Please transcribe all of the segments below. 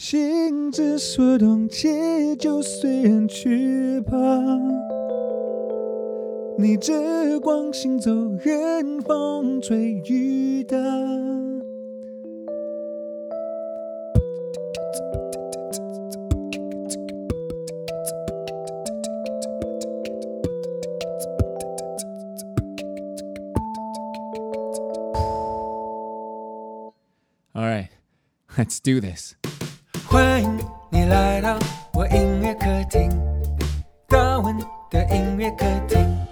心之所動，且就隨緣去吧。逆着光行走，任風吹雨打。All right, let's do this. 歡迎你來到我音樂客廳，大文的音樂客廳。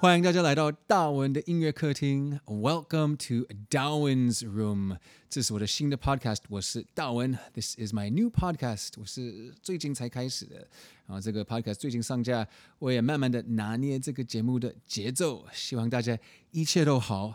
歡迎大家來到大文的音樂客廳，Welcome to Dawen's Room。這是我的新的 Podcast，我是大文，This is my new Podcast，我是最近才開始的。然後這個 Podcast 最近上架，我也慢慢的拿捏這個節目的節奏。希望大家一切都好。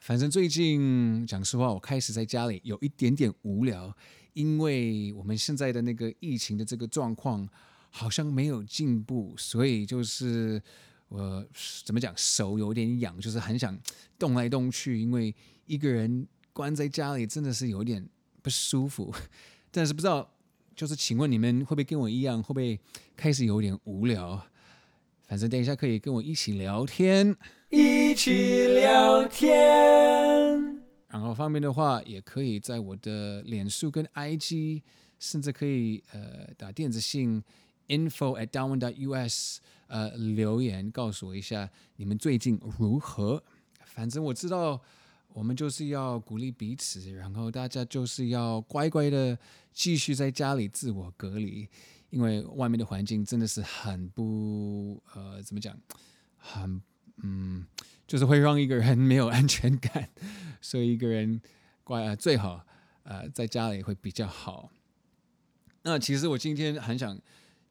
反正最近講實話，我開始在家裡有一點點無聊。因為我們現在的那個疫情的這個狀況好像沒有進步，所以就是我怎麼講，手有點癢，就是很想動來動去。因為一個人關在家裡真的是有點不舒服，但是不知道，就是請問你們會不會跟我一樣，會不會開始有點無聊？反正等一下可以跟我一起聊天，一起聊天。然後方便的話，也可以在我的臉書跟 IG，甚至可以呃打電子信 info at down dot us 呃留言告訴我一下你們最近如何。反正我知道，我們就是要鼓勵彼此，然後大家就是要乖乖的繼續在家裡自我隔離，因為外面的環境真的是很不呃怎麼講，很嗯就是會讓一個人沒有安全感。所以一個人乖啊，最好，呃，在家裡會比較好。那、呃、其實我今天很想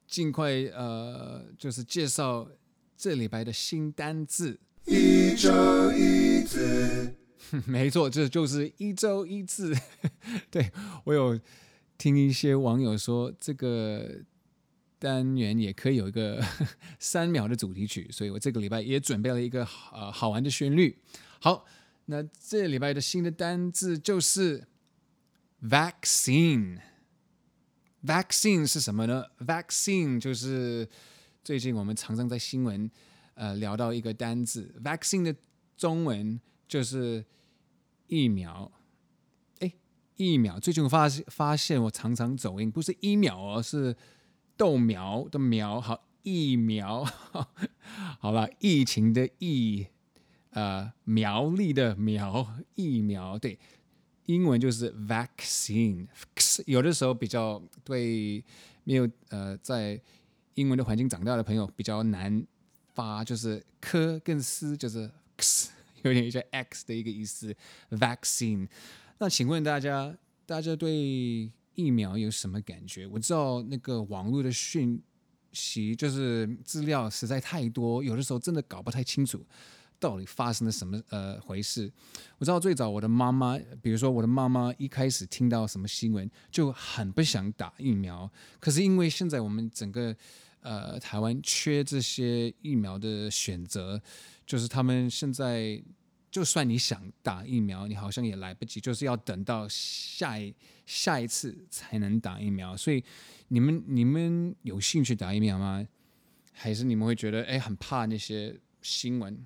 盡快，呃，就是介紹這禮拜的新單字。一周一字，沒錯，這就是一周一字。 對，我有聽一些網友說，這個單元也可以有一個 三秒的主題曲，所以我這個禮拜也準備了一個呃好玩的旋律。好。那這禮拜的新的單字就是 vaccine。vaccine 是什麼呢？vaccine 就是最近我們常常在新聞呃聊到一個單字 vaccine 的中文就是疫苗。哎，疫苗！最近我發發現我常常走音，不是疫苗、哦，而是豆苗的苗和疫苗。 好吧，疫情的疫。呃，苗栗的苗疫苗，對，英文就是 vaccine，有的時候比較對沒有呃在英文的環境長大的朋友比較難發，就是科跟思，就是有點像 x 的一個意思 vaccine。那請問大家，大家對疫苗有什麼感覺？我知道那個網絡的訊息就是資料實在太多，有的時候真的搞不太清楚。到底發生了什麼呃回事？我知道最早我的媽媽，比如說我的媽媽一開始聽到什麼新聞就很不想打疫苗，可是因為現在我們整個呃台灣缺這些疫苗的選擇，就是他們現在就算你想打疫苗，你好像也來不及，就是要等到下一下一次才能打疫苗。所以你們你們有興趣打疫苗嗎？還是你們會覺得哎，很怕那些新聞？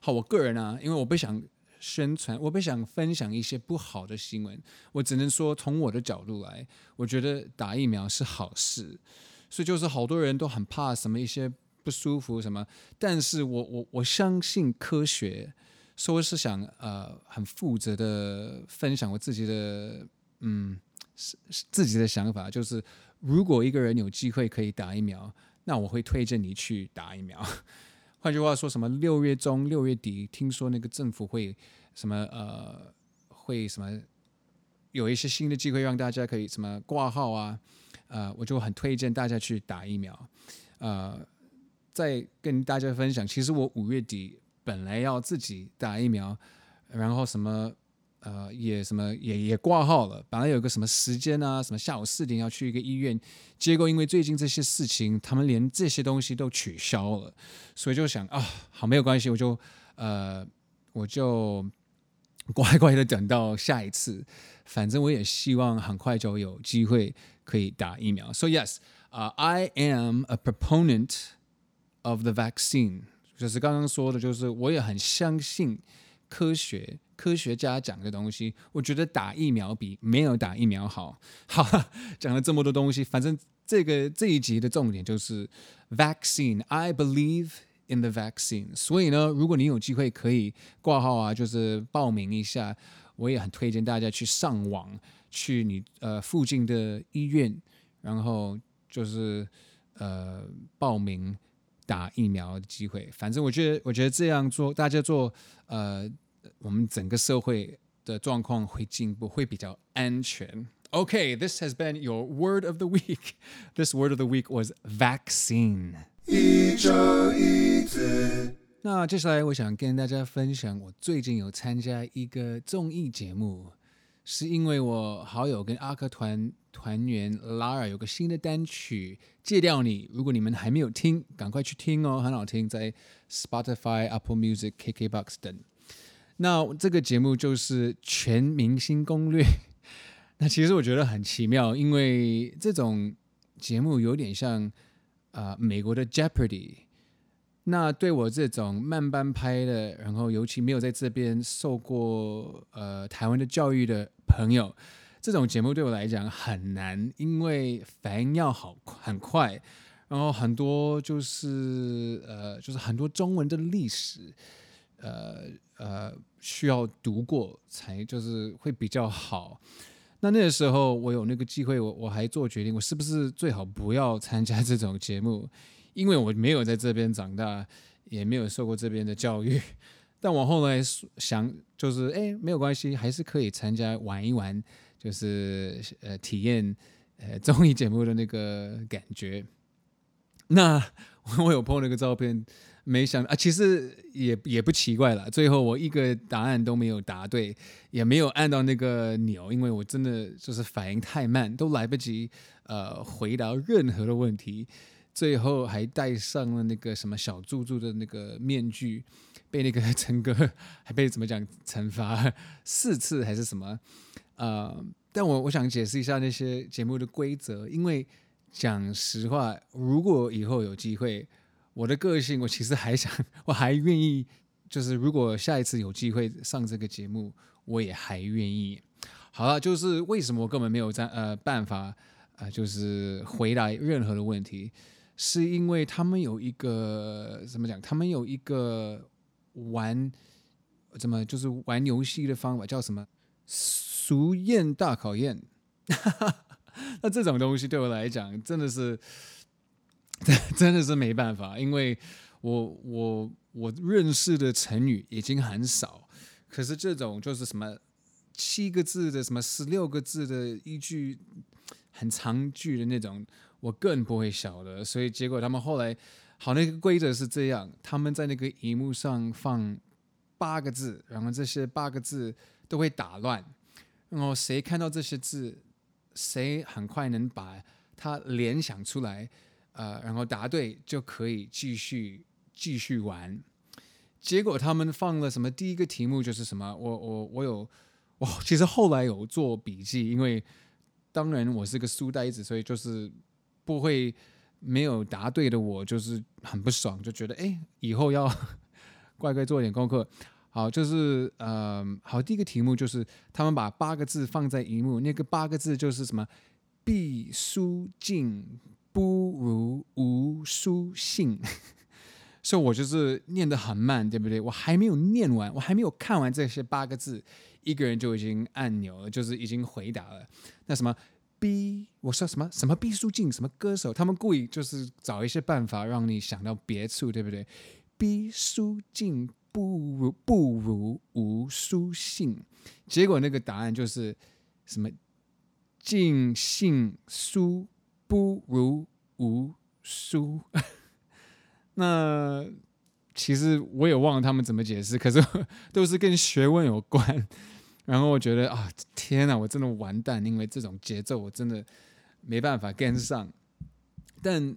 好，我個人啊，因為我不想宣傳，我不想分享一些不好的新聞，我只能說從我的角度來，我覺得打疫苗是好事，所以就是好多人都很怕什麼一些不舒服什麼，但是我我我相信科學，所以我是想呃很負責的分享我自己的嗯自己的想法，就是如果一個人有機會可以打疫苗，那我會推薦你去打疫苗。換句話說，什麼六月中、六月底，聽說那個政府會什麼呃，會什麼有一些新的機會，讓大家可以什麼掛號啊，啊、呃，我就很推薦大家去打疫苗。呃，再跟大家分享，其實我五月底本來要自己打疫苗，然後什麼。呃，也什麼也也掛號了。本來有個什麼時間啊，什麼下午四點要去一個醫院，結果因為最近這些事情，他們連這些東西都取消了。所以就想啊，哦，好沒有關係，我就呃我就乖乖的等到下一次。反正我也希望很快就有機會可以打疫苗。So yes，啊，uh, I am a proponent of the vaccine。就是剛剛說的，就是我也很相信。科學科學家講的東西，我覺得打疫苗比沒有打疫苗好。好，講了這麼多東西，反正這個這一集的重點就是 vaccine。I believe in the vaccine。所以呢，如果你有機會可以掛號啊，就是報名一下，我也很推薦大家去上網，去你呃附近的醫院，然後就是呃報名。打疫苗的機會，反正我覺得，我覺得這樣做，大家做，呃，我們整個社會的狀況會進步，會比較安全。Okay, this has been your word of the week. This word of the week was vaccine. 一周一次。那接下來，我想跟大家分享，我最近有參加一個綜藝節目。是因為我好友跟阿克團團員 Lara 有個新的單曲《戒掉你》，如果你們還沒有聽，趕快去聽哦，很好聽，在 Spotify、Apple Music、KKBox 等。那這個節目就是全明星攻略。那其實我覺得很奇妙，因為這種節目有點像啊、呃、美國的 Jeopardy。那對我這種慢半拍的，然後尤其沒有在這邊受過呃台灣的教育的朋友，這種節目對我來講很難，因為反應要好很快，然後很多就是呃就是很多中文的歷史，呃呃需要讀過才就是會比較好。那那個時候我有那個機會我，我我還做決定，我是不是最好不要參加這種節目。因為我沒有在這邊長大，也沒有受過這邊的教育，但我後來想，就是哎，沒有關係，還是可以參加玩一玩，就是呃，體驗呃綜藝節目的那個感覺。那我有拍那個照片，沒想啊，其實也也不奇怪了。最後我一個答案都沒有答對，也沒有按到那個鈕，因為我真的就是反應太慢，都來不及呃回答任何的問題。最後還戴上了那個什麼小豬豬的那個面具，被那個陳哥還被怎麼講，懲罰四次還是什麼？呃，但我我想解釋一下那些節目的規則，因為講實話，如果以後有機會，我的個性我其實還想我還願意，就是如果下一次有機會上這個節目，我也還願意。好了，就是為什麼我根本沒有在呃辦法，呃，就是回答任何的問題。是因為他們有一個怎麼講？他們有一個玩怎麼就是玩遊戲的方法，叫什麼熟宴大考驗。 那這種東西對我來講真的是，真的是沒辦法，因為我我我認識的成語已經很少，可是這種就是什麼七個字的，什麼十六個字的一句很長句的那種。我更不會曉得，所以結果他們後來，好，那個規則是這樣：他們在那個熒幕上放八個字，然後這些八個字都會打亂，然後誰看到這些字，誰很快能把它聯想出來，呃，然後答對就可以繼續繼續玩。結果他們放了什麼？第一個題目就是什麼？我我我有我其實後來有做筆記，因為當然我是個書呆子，所以就是。不會沒有答對的我就是很不爽，就覺得哎，以後要乖乖做點功課。好，就是呃，好，第一個題目就是他們把八個字放在熒幕那個八個字就是什麼“必書盡不如無書信”， 所以我就是唸得很慢，對不對？我還沒有念完，我還沒有看完這些八個字，一個人就已經按鈕了，就是已經回答了。那什麼？逼，我說什麼什麼畢書盡什麼歌手，他們故意就是找一些辦法讓你想到別處，對不對？畢書盡不如不如無書信，結果那個答案就是什麼盡信書不如無書。 那其實我也忘了他們怎麼解釋，可是都是跟學問有關。然後我覺得啊，天哪，我真的完蛋，因為這種節奏我真的沒辦法跟上。但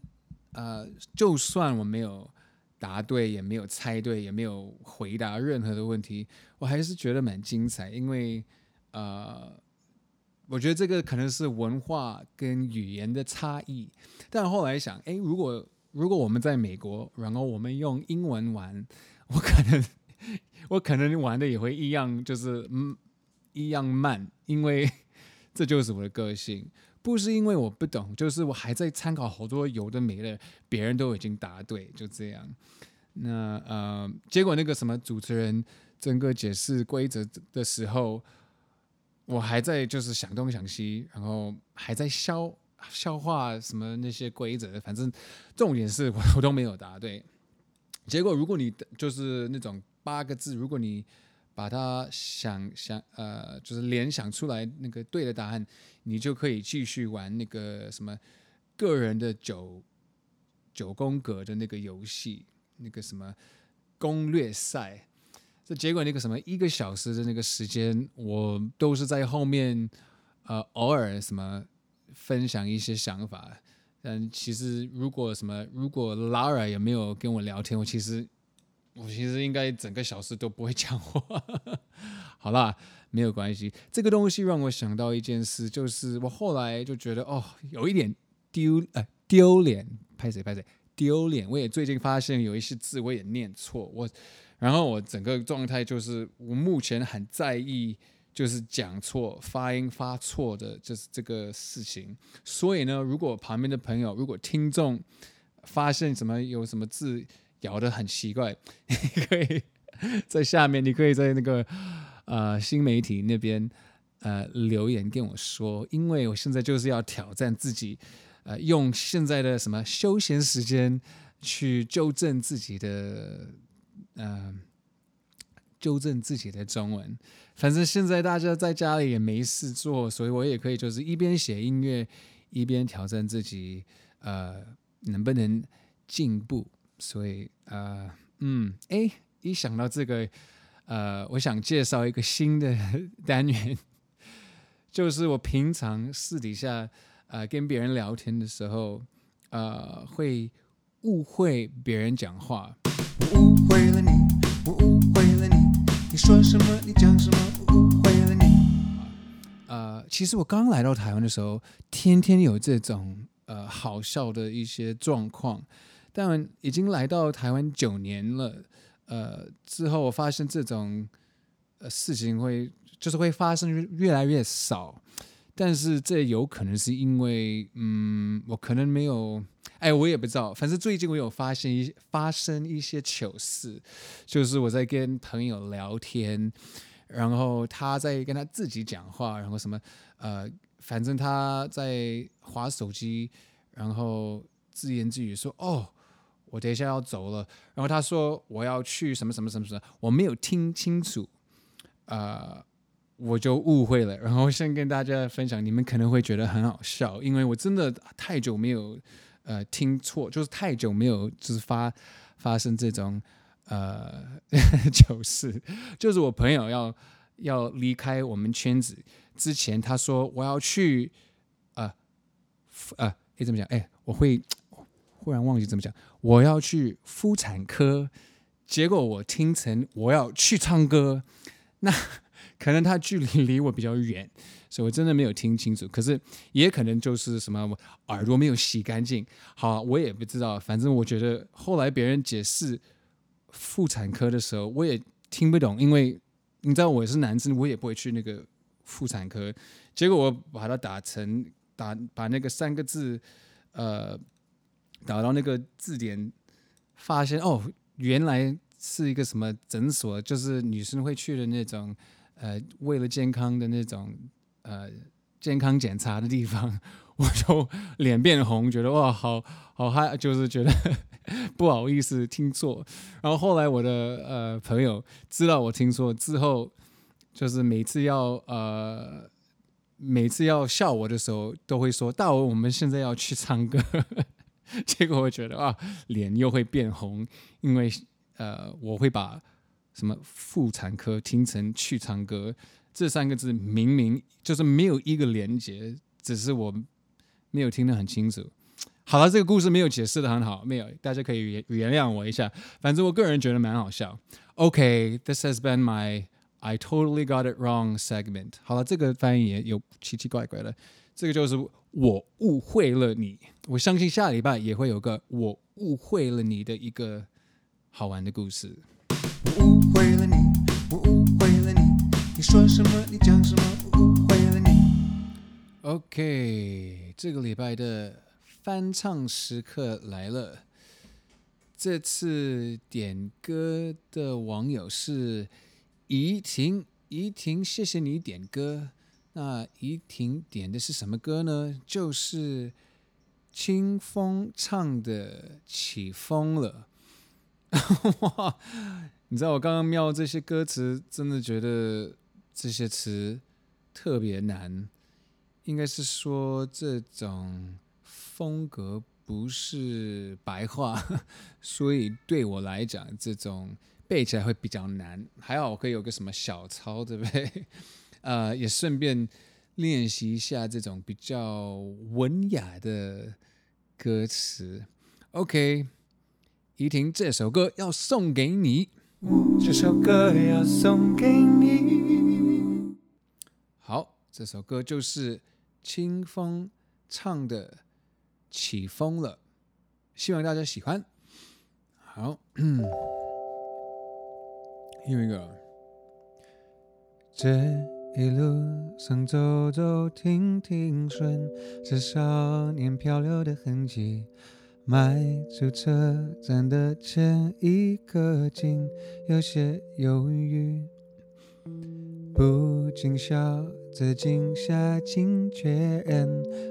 呃，就算我沒有答對，也沒有猜對，也沒有回答任何的問題，我還是覺得蠻精彩。因為呃，我覺得這個可能是文化跟語言的差異。但後來想，哎，如果如果我們在美國，然後我們用英文玩，我可能我可能玩的也會一樣，就是嗯。一樣慢，因為這就是我的個性，不是因為我不懂，就是我還在參考好多有的沒的，別人都已經答對，就這樣。那呃，結果那個什麼主持人整個解釋規則的時候，我還在就是想東想西，然後還在消消化什麼那些規則，反正重點是我我都沒有答對。結果如果你就是那種八個字，如果你。把它想想，呃，就是聯想出來那個對的答案，你就可以繼續玩那個什麼個人的九九宮格的那個遊戲，那個什麼攻略賽。這結果那個什麼一個小時的那個時間，我都是在後面，呃，偶爾什麼分享一些想法。嗯，但其實如果什麼如果 Lara 也沒有跟我聊天，我其實。我其實應該整個小時都不會講話， 好啦，沒有關係。這個東西讓我想到一件事，就是我後來就覺得哦，有一點丟，哎、呃，丟臉。拍謝拍謝，丟臉。我也最近發現有一些字我也念錯，我，然後我整個狀態就是我目前很在意，就是講錯、發音發錯的，就是這個事情。所以呢，如果旁邊的朋友，如果聽眾發現什麼有什麼字，聊得很奇怪，你可以在下面，你可以在那個呃新媒體那邊呃留言跟我說，因為我現在就是要挑戰自己，呃，用現在的什麼休閒時間去糾正自己的嗯、呃，糾正自己的中文。反正現在大家在家裡也沒事做，所以我也可以就是一邊寫音樂，一邊挑戰自己，呃，能不能進步。所以，呃，嗯，哎，一想到這個，呃，我想介紹一個新的單元，就是我平常私底下，呃，跟別人聊天的時候，呃，會誤會別人講話。我誤會了你，我誤會了你，你說什麼，你講什麼，我誤會了你。呃，其實我剛來到台灣的時候，天天有這種，呃，好笑的一些狀況。但已經來到台灣九年了，呃，之後我發現這種、呃、事情會，就是會發生越來越少，但是這有可能是因為，嗯，我可能沒有，哎、欸，我也不知道，反正最近我有發現一發生一些糗事，就是我在跟朋友聊天，然後他在跟他自己講話，然後什麼，呃，反正他在滑手機，然後自言自語說，哦。我等一下要走了，然後他說我要去什麼什麼什麼什麼，我沒有聽清楚，呃，我就誤會了。然後先跟大家分享，你們可能會覺得很好笑，因為我真的太久沒有呃聽錯，就是太久沒有就是發發生這種呃糗事、 就是，就是我朋友要要離開我們圈子之前，他說我要去呃呃、啊，怎麼講？哎，我會。忽然忘記怎麼講，我要去婦產科，結果我聽成我要去唱歌，那可能他距離離我比較遠，所以我真的沒有聽清楚。可是也可能就是什麼我耳朵沒有洗乾淨，好，我也不知道。反正我覺得後來別人解釋婦產科的時候，我也聽不懂，因為你知道我是男生，我也不會去那個婦產科。結果我把它打成打把那個三個字，呃。找到那個字典，發現哦，原來是一個什麼診所，就是女生會去的那種，呃，為了健康的那種，呃，健康檢查的地方。我就臉變紅，覺得哇，好好害，就是覺得呵呵不好意思，聽錯。然後後來我的呃朋友知道我聽錯之後，就是每次要呃每次要笑我的時候，都會說大文，我們現在要去唱歌。結果我覺得啊，臉又會變紅，因為呃，我會把什麼婦產科聽成去唱歌這三個字，明明就是沒有一個連接，只是我沒有聽得很清楚。好了，這個故事沒有解釋得很好，沒有，大家可以原原諒我一下。反正我個人覺得蠻好笑。OK，this has been my I totally got it wrong segment。好了，這個翻譯也有奇奇怪怪的，這個就是。我誤會了你，我相信下禮拜也會有個我誤會了你的一個好玩的故事。我誤會了你，我誤會了你，你說什麼？你講什麼？我誤會了你。OK，這個禮拜的翻唱時刻來了，這次點歌的網友是怡婷，怡婷，謝謝你點歌。那怡婷點的是什麼歌呢？就是青峰唱的《起風了。》 哇，你知道我剛剛瞄這些歌詞，真的覺得這些詞特別難。應該是說這種風格不是白話，所以對我來講，這種背起來會比較難。還好我可以有個什麼小抄，對不對？呃，也順便練習一下這種比較文雅的歌詞。OK，怡婷這首歌要送給你。這首歌要送給你。給你。好，這首歌就是青峰唱的《起風了》，希望大家喜歡。好 ，Here we go。這。一路上走走停停，順着少年漂流的痕跡，邁出車站的前一刻，竟有些猶豫。不禁笑這近鄉情怯仍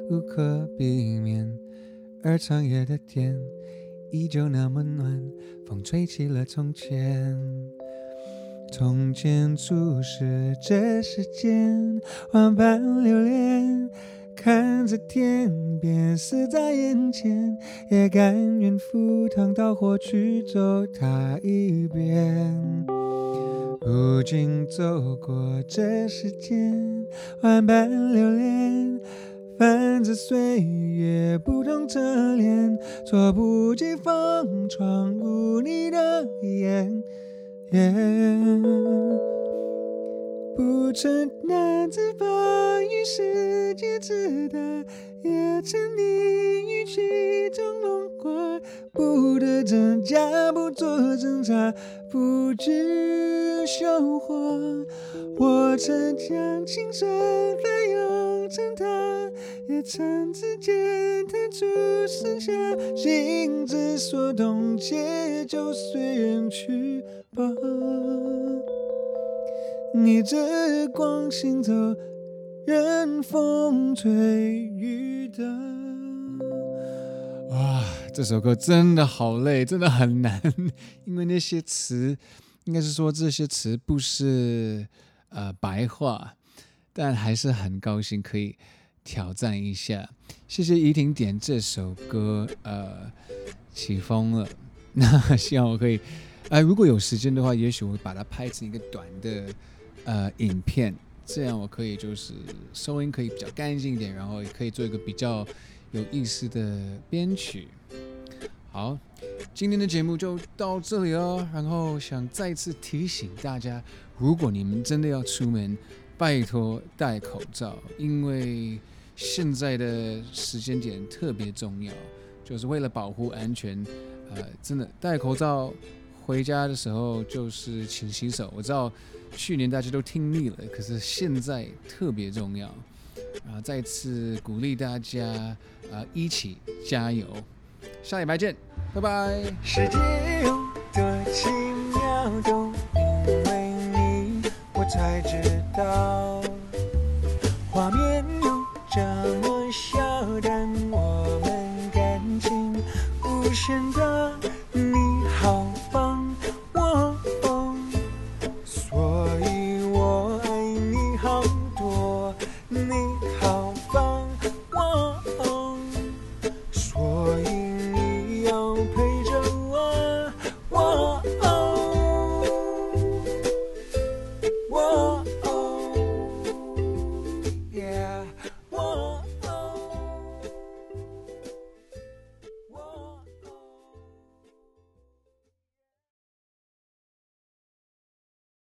無可避免。而長野的天依舊那麼暖，風吹起了從前。從前初識這世間，萬般流連。看着天邊，似在眼前，也甘願赴湯蹈火去走它一遍。如今走過這世間，萬般流連。翻着歲月不同側臉，措不及防闖入你的眼。耶、yeah, 不曾難自拔於世界之大，也沉溺於其中夢話，不得真假，不做掙扎，不懼笑話。我曾將青春翻湧成她。也曾指尖彈出盛夏，心之所動，且就隨緣去吧。逆着光行走，任風吹雨打。哇，這首歌真的好累，真的很難， 因為那些詞，應該是說這些詞不是呃白話，但還是很高興可以。挑戰一下，謝謝怡婷點這首歌，呃，起風了。那希望我可以，哎、呃，如果有時間的話，也許我會把它拍成一個短的呃影片，這樣我可以就是收音可以比較乾淨一點，然後也可以做一個比較有意思的編曲。好，今天的節目就到這裡囉。然後想再次提醒大家，如果你們真的要出門。拜託戴口罩，因為現在的時間點特別重要，就是為了保護安全。呃、真的戴口罩，回家的時候就是勤洗手。我知道去年大家都聽膩了，可是現在特別重要。啊、呃，再次鼓勵大家啊、呃，一起加油！下禮拜見，拜拜。時間有多奇妙，才知道，畫面有這麼小，但我們感情無限大。